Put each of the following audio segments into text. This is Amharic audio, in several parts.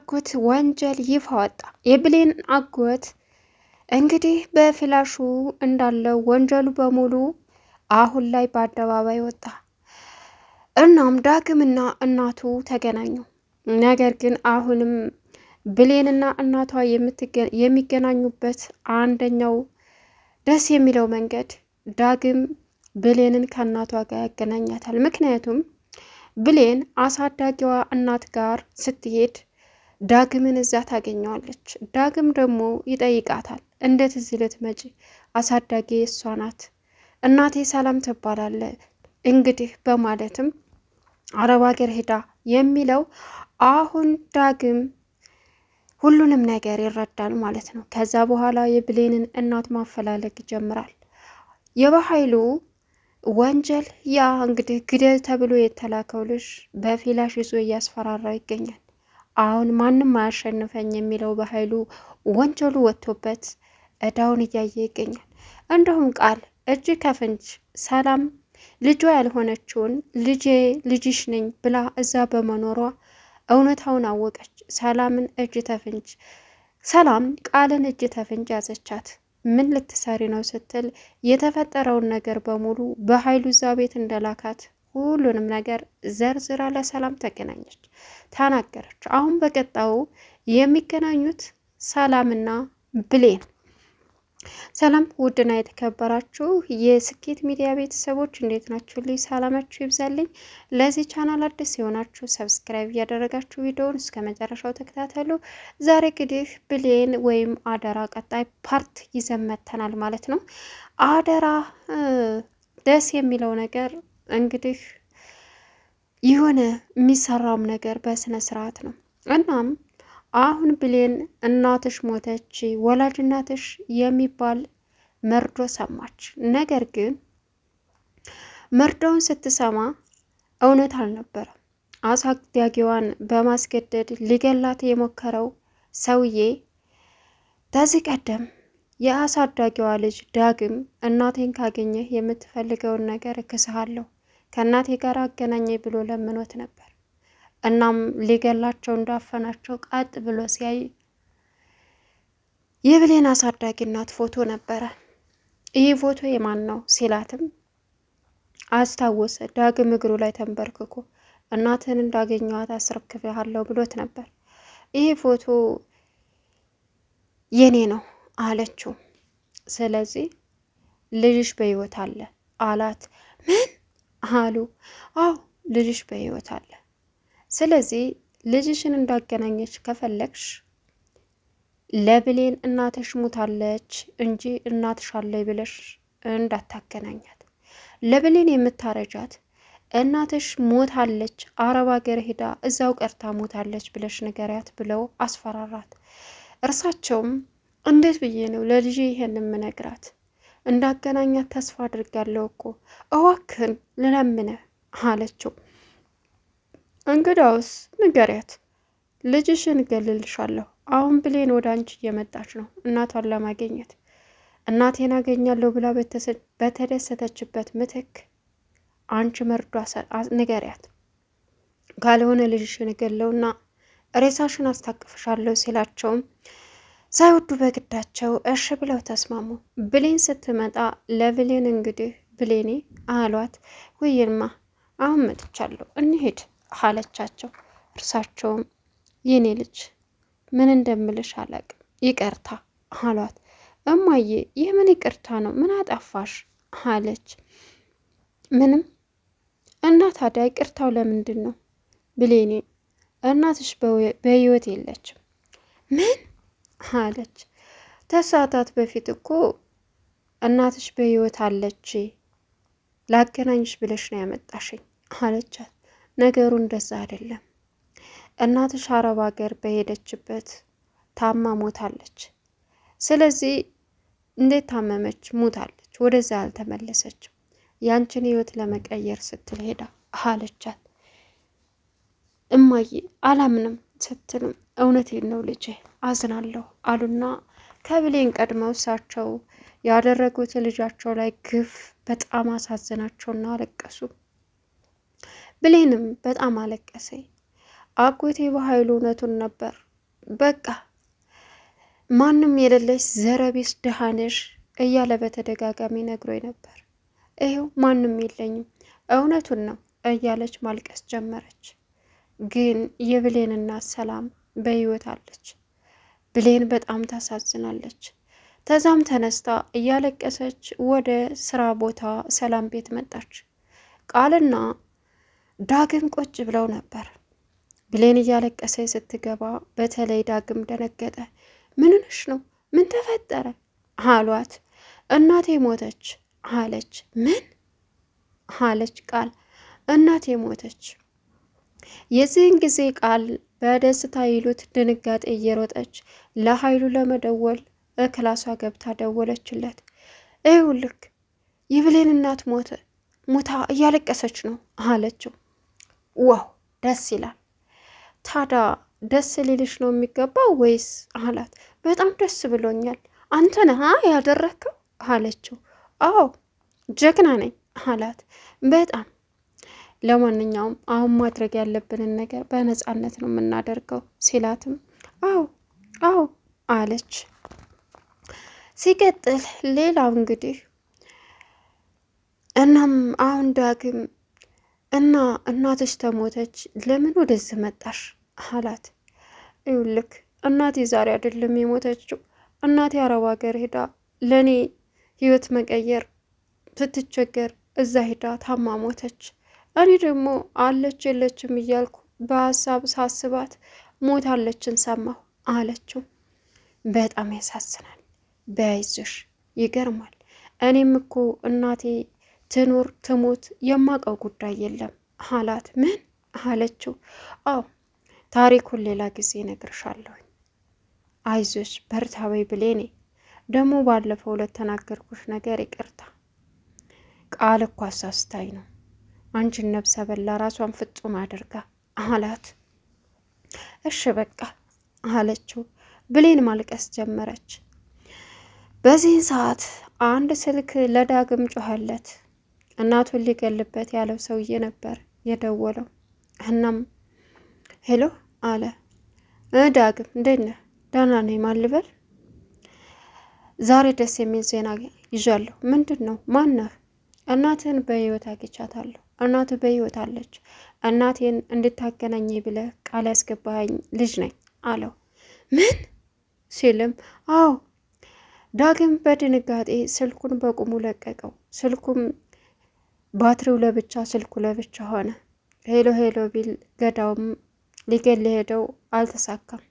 አጎት ወንጀል ይፋ ወጣ። የብሌን አጎት እንግዲህ በፍላሹ እንዳለው ወንጀሉ በሙሉ አሁን ላይ በአደባባይ ወጣ። እናም ዳግምና እናቱ ተገናኙ። ነገር ግን አሁንም ብሌንና እናቷ የሚገናኙበት አንደኛው ደስ የሚለው መንገድ ዳግም ብሌንን ከእናቷ ጋር ያገናኛታል። ምክንያቱም ብሌን አሳዳጊዋ እናት ጋር ስትሄድ ዳግምን እዛ ታገኘዋለች። ዳግም ደግሞ ይጠይቃታል። እንዴት እዚህ ልትመጪ? አሳዳጊ እሷ ናት፣ እናቴ ሰላም ትባላለ እንግዲህ በማለትም አረብ ሀገር ሄዳ የሚለው አሁን ዳግም ሁሉንም ነገር ይረዳል ማለት ነው። ከዛ በኋላ የብሌንን እናት ማፈላለግ ይጀምራል። የበኃይሉ ወንጀል ያ እንግዲህ ግደል ተብሎ የተላከው ልጅ በፊላሽ ይዞ እያስፈራራው ይገኛል። አሁን ማንም አያሸንፈኝ የሚለው በኃይሉ ወንጀሉ ወጥቶበት እዳውን እያየ ይገኛል። እንዲሁም ቃል እጅ ከፍንጅ ሰላም ልጇ ያልሆነችውን ልጄ ልጅሽ ነኝ ብላ እዛ በመኖሯ እውነታውን አወቀች። ሰላምን እጅ ተፍንጅ ሰላም ቃልን እጅ ተፍንጅ ያዘቻት። ምን ልትሰሪ ነው ስትል የተፈጠረውን ነገር በሙሉ በኃይሉ እዛ ቤት እንደላካት ሁሉንም ነገር ዘርዝራ ለሰላም ተገናኘች ተናገረች። አሁን በቀጣው የሚገናኙት ሰላምና ብሌን ሰላም ውድና የተከበራችሁ የስኬት ሚዲያ ቤተሰቦች እንዴት ናችሁ? ልይ ሰላማችሁ ይብዛልኝ። ለዚህ ቻናል አዲስ የሆናችሁ ሰብስክራይብ እያደረጋችሁ ቪዲዮውን እስከ መጨረሻው ተከታተሉ። ዛሬ እንግዲህ ብሌን ወይም አደራ ቀጣይ ፓርት ይዘመተናል ማለት ነው። አደራ ደስ የሚለው ነገር እንግዲህ የሆነ የሚሰራውም ነገር በስነ ስርዓት ነው። እናም አሁን ብሌን እናትሽ ሞተች፣ ወላጅ እናትሽ የሚባል መርዶ ሰማች። ነገር ግን መርዶውን ስትሰማ እውነት አልነበረም። አሳዳጊዋን በማስገደድ ሊገላት የሞከረው ሰውዬ ከዚህ ቀደም የአሳዳጊዋ ልጅ ዳግም እናቴን ካገኘህ የምትፈልገውን ነገር እክስሃለሁ ከእናቴ ጋር አገናኘ ብሎ ለምኖት ነበር። እናም ሊገላቸው እንዳፈናቸው ቀጥ ብሎ ሲያይ የብሌን አሳዳጊ እናት ፎቶ ነበረ። ይህ ፎቶ የማን ነው ሲላትም አስታወሰ። ዳግም እግሩ ላይ ተንበርክኮ እናትን እንዳገኘዋት አስረክብሃለሁ ብሎት ነበር። ይህ ፎቶ የኔ ነው አለችው። ስለዚህ ልጅሽ በሕይወት አለ አላት። ምን አሉ። አዎ ልጅሽ በህይወት አለ። ስለዚህ ልጅሽን እንዳገናኘች ከፈለግሽ ለብሌን እናትሽ ሙታለች እንጂ እናትሽ አለ ብለሽ እንዳታገናኛት። ለብሌን የምታረጃት እናትሽ ሞታለች፣ አረብ ሀገር ሄዳ እዛው ቀርታ ሞታለች ብለሽ ንገሪያት ብለው አስፈራራት። እርሳቸውም እንዴት ብዬ ነው ለልጄ ይሄን የምነግራት እንዳገናኛት ተስፋ አድርጋለሁ እኮ እዋክን ልለምነ አለችው። እንግዳውስ ንገሪያት፣ ልጅሽን እገልልሻለሁ። አሁን ብሌን ወደ አንቺ እየመጣች ነው እናቷን ለማገኘት እናቴን አገኛለሁ ብላ በተደሰተችበት ምትክ አንቺ መርዷ ንገሪያት፣ ካልሆነ ልጅሽን እገለውና ሬሳሽን አስታቅፍሻለሁ ሲላቸውም ሳይወዱ በግዳቸው እሽ ብለው ተስማሙ። ብሌን ስትመጣ ለብሌን እንግዲህ ብሌኔ አሏት። ውይልማ አሁን መጥቻለሁ እንሄድ አለቻቸው። እርሳቸውም የኔ ልጅ ምን እንደምልሽ አላቅም ይቅርታ አሏት። እማዬ ይህ ምን ይቅርታ ነው? ምን አጠፋሽ? አለች። ምንም እና ታዲያ ይቅርታው ለምንድን ነው? ብሌኔ እናትሽ በህይወት የለችም። ምን አለች። ከሰዓታት በፊት እኮ እናትሽ በህይወት አለች ላገናኝሽ ብለሽ ነው ያመጣሽኝ አለቻት። ነገሩ እንደዛ አይደለም። እናትሽ አረብ ሀገር በሄደችበት ታማ ሞታለች። ስለዚህ እንዴት ታመመች? ሞታለች። ወደዛ አልተመለሰችም። ያንችን ህይወት ለመቀየር ስትል ሄዳ አለቻት። እማዬ አላምንም ስትልም እውነቴን ነው ልጄ አዝናለሁ አሉና ከብሌን ቀድመው እሳቸው ያደረጉት ልጃቸው ላይ ግፍ በጣም አሳዘናቸውና አለቀሱ። ብሌንም በጣም አለቀሰ። አጎቴ በኃይሉ እውነቱን ነበር። በቃ ማንም የሌለች ዘረቢስ ድሃነሽ እያለ በተደጋጋሚ ነግሮ ነበር። ይሄው ማንም የለኝም እውነቱን ነው እያለች ማልቀስ ጀመረች። ግን የብሌንና ሰላም በህይወት አለች። ብሌን በጣም ታሳዝናለች። ተዛም ተነስታ እያለቀሰች ወደ ስራ ቦታ ሰላም ቤት መጣች። ቃልና ዳግም ቁጭ ብለው ነበር። ብሌን እያለቀሰች ስትገባ በተለይ ዳግም ደነገጠ። ምንንሽ ነው? ምን ተፈጠረ? አሏት። እናቴ ሞተች አለች። ምን አለች ቃል? እናቴ ሞተች የዚህን ጊዜ ቃል በደስታ ይሉት ድንጋጤ እየሮጠች ለኃይሉ ለመደወል እክላሷ ገብታ ደወለችለት። ይው ልክ የብሌን እናት ሞተ ሙታ እያለቀሰች ነው አለችው። ዋው ደስ ይላል። ታዲያ ደስ ሊልሽ ነው የሚገባው ወይስ አላት። በጣም ደስ ብሎኛል። አንተ ነህ ያደረግከው አለችው። አዎ ጀግና ነኝ አላት። በጣም ለማንኛውም አሁን ማድረግ ያለብንን ነገር በነፃነት ነው የምናደርገው ሲላትም አዎ አዎ አለች። ሲቀጥል ሌላው እንግዲህ እናም አሁን ዳግም እና እናትሽ ተሞተች ለምን ወደዚህ መጣሽ አላት። ይኸውልህ እናቴ ዛሬ አይደለም የሞተችው እናቴ አረብ ሀገር ሄዳ ለእኔ ህይወት መቀየር ስትቸገር እዛ ሄዳ ታማ ሞተች። እኔ ደግሞ አለች የለችም እያልኩ በሀሳብ ሳስባት ሞታለችን ሰማሁ አለችው። በጣም ያሳዝናል። በይዝሽ ይገርማል። እኔም እኮ እናቴ ትኑር ትሞት የማውቀው ጉዳይ የለም አላት። ምን አለችው? አዎ ታሪኩን ሌላ ጊዜ ነግርሻለሁኝ። አይዞሽ በርታዊ ብሌኔ ደግሞ ባለፈው ለተናገርኩሽ ነገር ይቅርታ ቃል እኮ አሳስታኝ ነው አንቺን ነብሰ በላ ራሷን ፍጹም አድርጋ አላት። እሺ በቃ አለችው። ብሌን ማልቀስ ጀመረች። በዚህን ሰዓት አንድ ስልክ ለዳግም ጮኸለት። እናቱን ሊገልበት ያለው ሰውዬ ነበር የደወለው። እናም ሄሎ አለ። ዳግም እንዴት ነህ? ደህና ነኝ። ማን ልበል? ዛሬ ደስ የሚል ዜና ይዣለሁ። ምንድን ነው? ማን ነህ? እናትህን በህይወት አግኝቻታለሁ። እናቱ በሕይወት አለች። እናቴን እንድታገናኝ ብለህ ቃል ያስገባኝ ልጅ ነኝ አለው። ምን ሲልም አዎ። ዳግም በድንጋጤ ስልኩን በቁሙ ለቀቀው። ስልኩም ባትሪው ለብቻ ስልኩ ለብቻ ሆነ። ሄሎ ሄሎ ቢል ገዳውም ሊገል ሄደው አልተሳካም።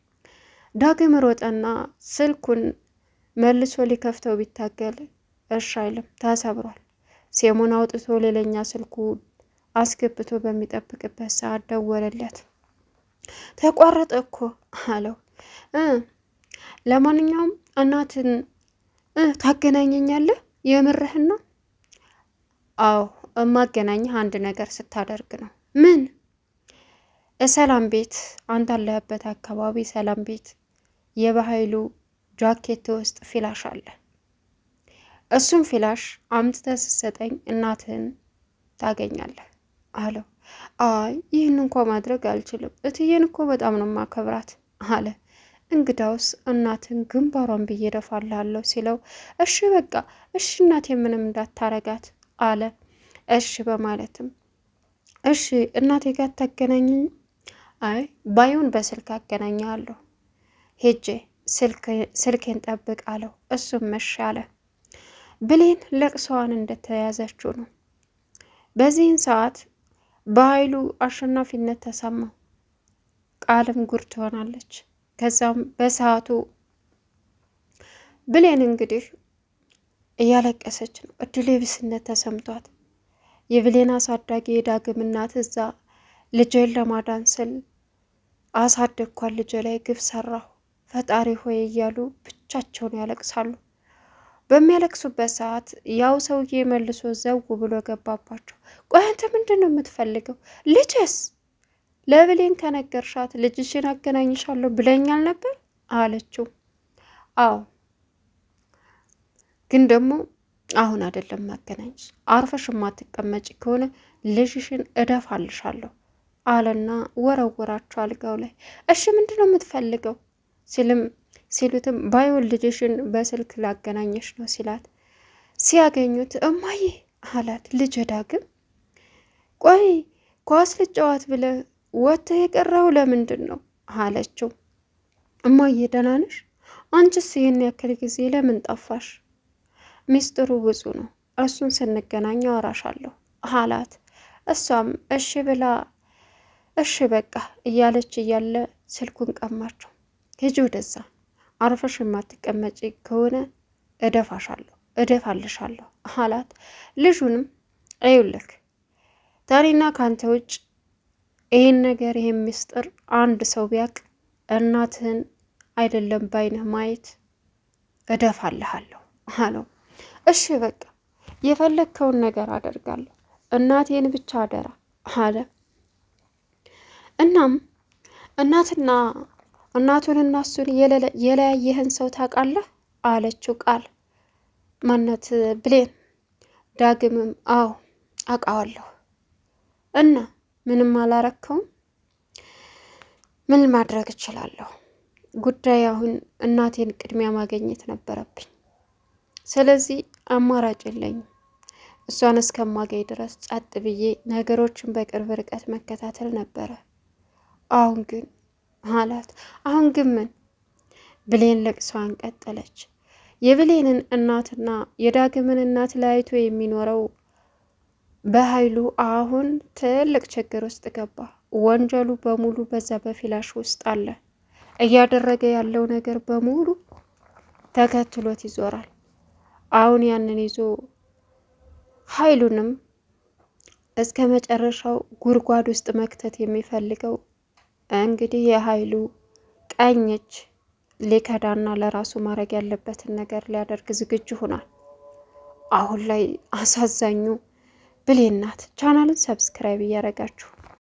ዳግም ሮጠና ስልኩን መልሶ ሊከፍተው ቢታገል እሺ አይልም፣ ተሰብሯል። ሴሙን አውጥቶ ሌላኛ ስልኩ አስገብቶ በሚጠብቅበት ሰዓት ደወለለት። ተቋረጠ እኮ አለው። ለማንኛውም እናትን ታገናኘኛለህ? የምርህን ነው? አዎ እማገናኝህ አንድ ነገር ስታደርግ ነው። ምን? ሰላም ቤት፣ አንተ አለህበት አካባቢ ሰላም ቤት የባህሉ ጃኬት ውስጥ ፊላሽ አለ። እሱም ፊላሽ አምጥተህ ስትሰጠኝ እናትህን ታገኛለህ። አለው። አይ ይህን እንኳ ማድረግ አልችልም፣ እትዬን እኮ በጣም ነው ማከብራት አለ። እንግዳውስ እናትን ግንባሯን ብዬ ሲለው፣ እሺ በቃ እሺ እናቴ ምንም እንዳታረጋት አለ። እሺ በማለትም እሺ እናቴ ጋር ታገናኝ፣ አይ ባይሆን በስልክ አገናኛለሁ ሄጄ ስልኬን ጠብቅ አለው። እሱም እሺ አለ። ብሌን ለቅሰዋን እንደተያዘችው ነው። በዚህን ሰዓት በኃይሉ አሸናፊነት ተሰማው። ቃልም ጉር ትሆናለች። ከዛም በሰዓቱ ብሌን እንግዲህ እያለቀሰች ነው፣ እድል ብስነት ተሰምቷት የብሌን አሳዳጊ የዳግም እናት እዛ ልጄን ለማዳን ስል አሳደግኳል ልጄ ላይ ግፍ ሰራሁ፣ ፈጣሪ ሆይ እያሉ ብቻቸውን ያለቅሳሉ። በሚያለቅሱበት ሰዓት ያው ሰውዬ መልሶ ዘው ብሎ ገባባቸው። ቆይ አንተ ምንድን ነው የምትፈልገው? ልጅስ ለብሌን ከነገርሻት ልጅሽን አገናኝሻለሁ ብለኛል ነበር አለችው። አዎ ግን ደግሞ አሁን አይደለም ማገናኝሽ። አርፈሽ ማትቀመጭ ከሆነ ልጅሽን እደፋልሻለሁ አለና ወረወራቸው አልጋው ላይ። እሺ ምንድን ነው የምትፈልገው ሲልም ሲሉትም ባይሆን ልጅሽን በስልክ ላገናኘሽ ነው ሲላት ሲያገኙት እማዬ አላት። ልጅ ዳግም ቆይ ኳስ ልጫዋት ብለ ወጥተህ የቀረው ለምንድን ነው አለችው። እማዬ ደህና ነሽ? አንቺስ ይህን ያክል ጊዜ ለምን ጠፋሽ? ሚስጥሩ ብዙ ነው፣ እርሱን ስንገናኝ አወራሻለሁ አላት። እሷም እሺ ብላ እሺ በቃ እያለች እያለ ስልኩን ቀማቸው። ሂጂ ወደዛ አርፈሽ የማትቀመጪ ከሆነ እደፋሻለሁ እደፋልሻለሁ አላት። ልጁንም እዩልክ ታሪና ካንተ ውጭ ይህን ነገር ይህን ምስጢር አንድ ሰው ቢያቅ እናትህን አይደለም ባይነህ ማየት እደፋልሃለሁ አለው። እሺ በቃ የፈለግከውን ነገር አደርጋለሁ እናቴን ብቻ አደራ አለ። እናም እናትና እናቱንና እሱን የለያየህን ሰው ታውቃለህ? አለችው ቃል ማነት ብሌን። ዳግምም አዎ አውቃዋለሁ። እና ምንም አላረከውም? ምን ማድረግ እችላለሁ? ጉዳይ አሁን እናቴን ቅድሚያ ማግኘት ነበረብኝ። ስለዚህ አማራጭ የለኝም። እሷን እስከማገኝ ድረስ ጸጥ ብዬ ነገሮችን በቅርብ ርቀት መከታተል ነበረ። አሁን ግን አላት። አሁን ግን ምን? ብሌን ለቅሷን ቀጠለች። የብሌንን እናትና የዳግምን እናት ለያይቶ የሚኖረው በኃይሉ አሁን ትልቅ ችግር ውስጥ ገባ። ወንጀሉ በሙሉ በዛ በፊላሽ ውስጥ አለ። እያደረገ ያለው ነገር በሙሉ ተከትሎት ይዞራል። አሁን ያንን ይዞ ኃይሉንም እስከ መጨረሻው ጉድጓድ ውስጥ መክተት የሚፈልገው እንግዲህ የሀይሉ ቀኝ እጅ ሊከዳና ለራሱ ማድረግ ያለበትን ነገር ሊያደርግ ዝግጁ ሆኗል። አሁን ላይ አሳዛኙ ብሌን ናት። ቻናልን ሰብስክራይብ እያደረጋችሁ